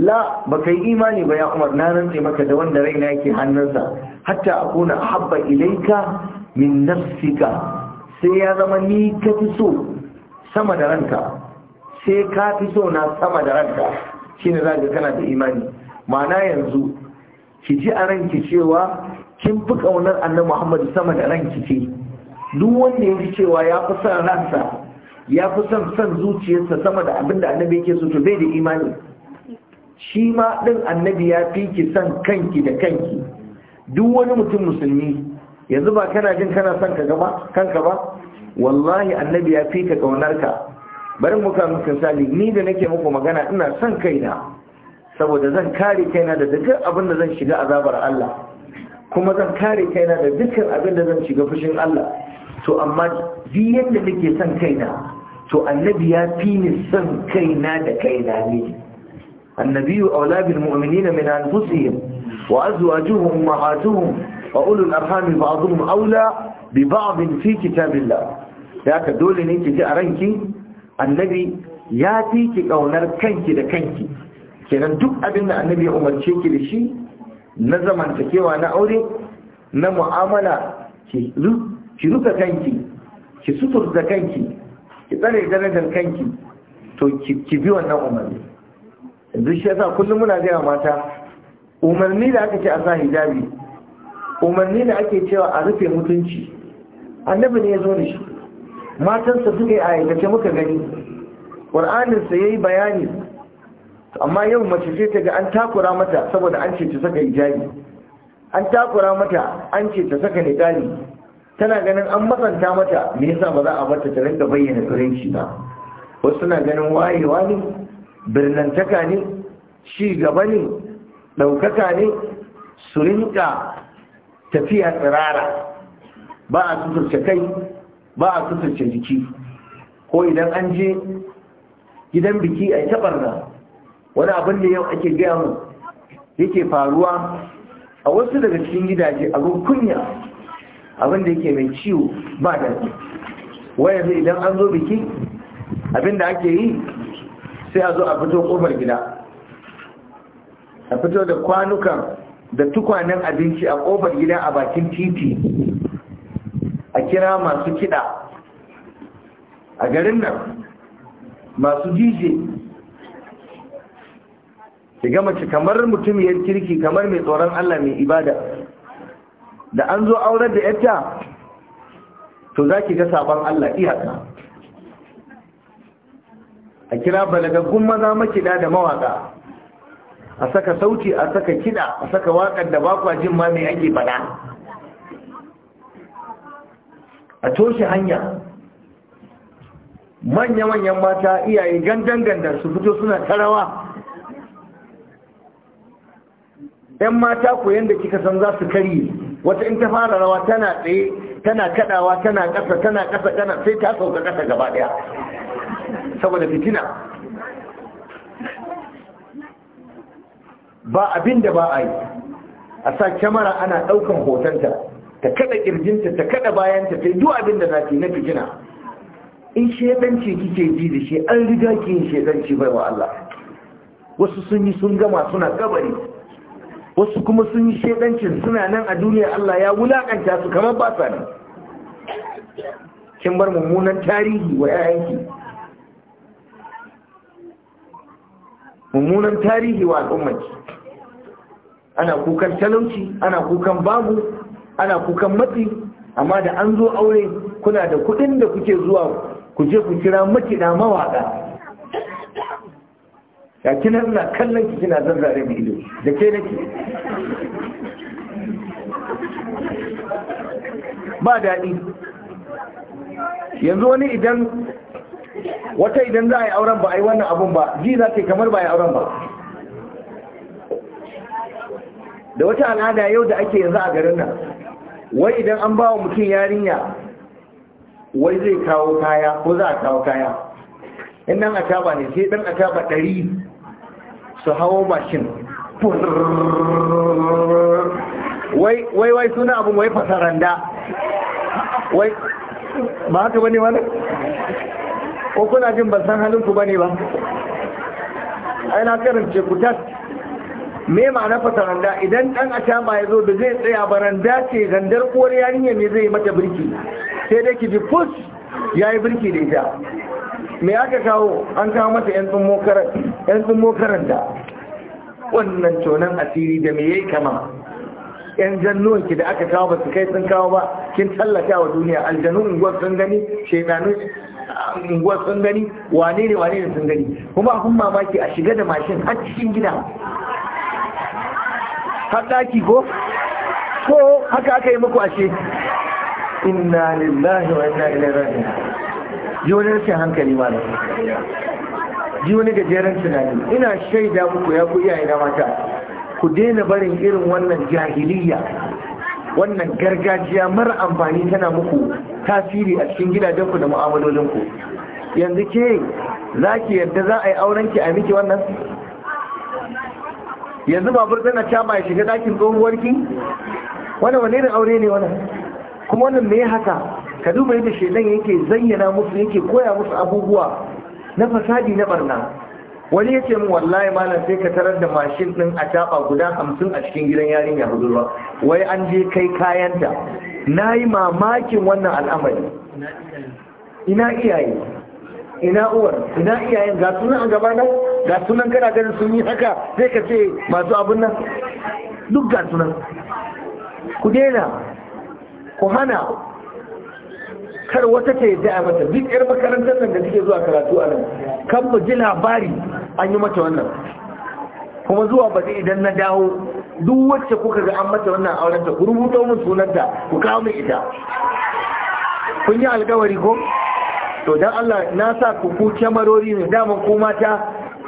la baka yi imani ba ya umar na rantse maka da wanda raina yake hannunsa hatta akuna habba ilaika min nafsika sai ya zama ni ka fi so sama da ranka sai ka fi so na sama da ranka shine za ka kana da imani ma'ana yanzu ki ji a ranki cewa kin fi ƙaunar annabi Muhammad sama da ranki ce duk wanda ya ji cewa ya fi son ransa ya fi son son zuciyarsa sama da abin da annabi yake so to bai da imani shi ma din annabi ya fi ki son kanki da kanki duk wani mutum musulmi yanzu ba kana jin kana son ka gaba kanka ba wallahi annabi ya fi ka kaunar ka bari muka muku misali ni da nake muku magana ina son kaina saboda zan kare kaina da dukkan abin da zan shiga azabar Allah kuma zan kare kaina da dukkan abin da zan shiga fushin Allah to amma duk yadda nake son kaina to annabi ya fi ni son kaina da kaina ne annabi aula bil mu'minina min anfusihim wa azwajuhum ummahatuhum wa ulul arham ba'dhum aula bi ba'd fi kitabillah haka dole ne ki ji a ranki annabi ya fi ki kaunar kanki da kanki kenan duk abin da annabi ya umarce ki da shi na zamantakewa na aure na mu'amala ki ki rufe kanki ki suturta kanki ki tsare darajar kanki to ki bi wannan umarni yanzu shi yasa kullum muna gaya mata umarni da aka ce a sa hijabi umarni da ake cewa a rufe mutunci annabi ne ya zo da shi matansa suka yi a aikace muka gani ƙur'aninsa ya yi bayani amma yau mace ce ta ga an takura mata saboda an ce ta saka hijabi an takura mata an ce ta saka hijabi tana ganin an matsanta mata me yasa ba za a bata ta rinka bayyana turanci ba wasu suna ganin wayewa ne birnantaka ne shi gaba ne ɗaukaka ne su rinka tafiya tsirara ba a suturce kai ba a suturce jiki ko idan an je gidan biki a na wani abin da yau ake gaya mu yake faruwa a wasu daga cikin gidaje abin kunya abinda yake mai ciwo ba da waya zai idan an zo biki abin ake yi sai a zo a fito kofar gida a fito da kwanukan da tukwanen abinci a ƙofar gida a bakin titi a kira masu kiɗa a garin nan masu jije gama mace kamar mutum ya kirki kamar mai tsoron Allah mai ibada da an zo aurar da yadda to za ki ga sabon Allah iyaka a kira balagaggun maza makiɗa da mawaƙa a saka sauti a saka kiɗa a saka waƙar da bakwa jin ma mai ake bada a toshe hanya manya-manyan mata iyaye gandan gandar su fito suna tarawa ‘yan mata ku yadda kika san za su karye wata in ta fara rawa tana tsaye tana kadawa tana ƙasa tana ƙasa tana sai ta sauka ƙasa gaba daya saboda fitina ba abin da ba a yi a sa kyamara ana ɗaukan hotonta ta kada ƙirjinta ta kada bayanta ta yi duk abin da za ta na fitina in shedanci kike ji da shi an riga ki yin shedanci bai wa Allah wasu sun yi sun gama suna kabari wasu kuma sun yi shaidancin suna nan a duniya Allah ya wulakanta su kamar ba sa nan kin bar mummunan tarihi wa yayanki mummunan tarihi wa al'ummaki ana kukan talauci ana kukan babu ana kukan matsi amma da an zo aure kuna da kuɗin da kuke zuwa ku je ku kira makiɗa mawaƙa ga kina ina kallon ki kina zarzare mu ido da ke nake ba daɗi yanzu wani idan wata idan za a yi auren ba a yi wannan abun ba ji za ta kamar ba a yi auren ba da wata al'ada yau da ake yanzu a garin nan wai idan an ba wa mutum yarinya wai zai kawo kaya ko za a kawo kaya in nan taba ne sai dan taba ɗari su hawo mashin wai wai suna abin wai fasaranda wai ba haka bane wani ko kuna jin ban san halinku bane ba ai na karance ku tas me ma'ana fasaranda idan dan atama ya zo da zai tsaya baranda ce gandar uwar yarinya ne zai mata birki sai dai ki ji fus yi birki da ita me aka kawo an kawo mata yan tsummo karanta wannan tonon asiri da me yayi kama yan jannuwan ki da aka kawo ba su kai sun kawo ba kin tallata wa duniya aljanu unguwar sun gani shedanu um, unguwar sun gani wane ne wane ne sun gani kuma abun mamaki a shiga da mashin har cikin gida har daki ko ko haka aka yi muku ashe inna lillahi wa inna ilaihi raji'un yonar hankali malam ji wani gajeren tunani ina shaida muku ya ku iyaye na mata ku daina barin irin wannan jahiliya wannan gargajiya mara amfani tana muku tasiri a cikin gidajenku da mu'amalolinku yanzu ke za ki yadda za a yi aurenki a miki wannan yanzu babur tana cama ya shiga dakin tsohuwarki wannan wani irin aure ne wannan kuma wannan me haka ka duba yadda shaidan yake zayyana musu yake koya musu abubuwa na fasadi na barna wani ya ce mu wallahi malam sai ka tarar da mashin din a taba guda hamsin a cikin gidan ya hudurwa wai an je kai kayanta na yi mamakin wannan al'amari ina iyaye ina uwar ina iyayen ga sunan a gaba nan ga sunan kana ganin sun yi haka sai ka ce masu abun nan duk ga sunan ku daina ku hana kar wata ta yi a mata duk yar makarantar nan da take zuwa karatu a nan kan mu ji labari an yi mata wannan kuma zuwa baɗi idan na dawo duk wacce kuka ga an mata wannan auren ta ku rubuta mun sunanta ku kawo min ita kun yi alkawari ko to dan Allah na sa ku ku kyamarori ne dama ku mata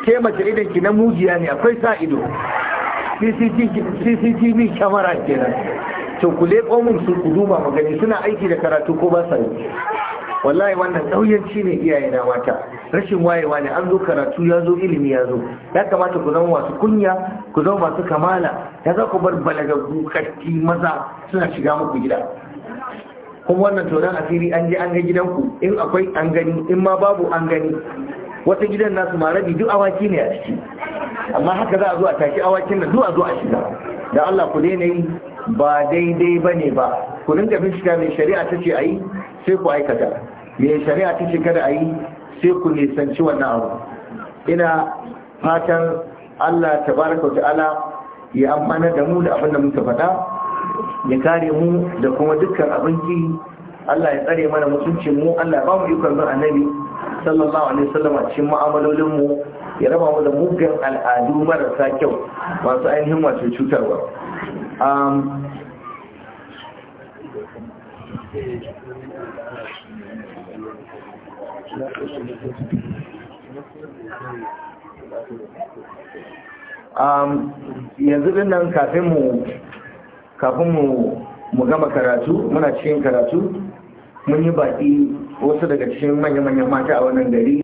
ke mace idan ki na mujiya ne akwai sa ido CCTV kyamara kenan to ku leƙo mun su ku duba mu gani suna aiki da karatu ko ba sa yi wallahi wannan ɗauyanci ne iyaye na mata rashin wayewa ne an zo karatu ya zo ilimi ya zo ya kamata ku zama masu kunya ku zama masu kamala ya za ku bar balagaggu karti maza suna shiga muku gida kuma wannan tonon asiri an je an ga gidanku in akwai an gani in ma babu an gani wata gidan nasu ma rabi duk awaki ne a ciki amma haka za a zo a tashi awakin nan duk a zo a shiga da Allah ku daina yi ba daidai ba ne ba ku dinga bincika mai shari'a ta ce a yi sai ku aikata mai shari'a ta ce kada a yi sai ku nisanci wannan abu ina fatan allah ta wa ta'ala ya amfana da mu da abin da muka faɗa ya kare mu da kuma dukkan abinci allah ya tsare mana mutuncin mu allah ya ba mu ikon bin annabi sallallahu alaihi wasallam a cikin mu'amalolin mu ya raba mu da mugun al'adu marasa kyau masu ainihin masu cutarwa Um, um, yanzu din nan kafin mu gama karatu muna cikin karatu mun yi baki wasu daga cikin manya-manyan mata a wannan gari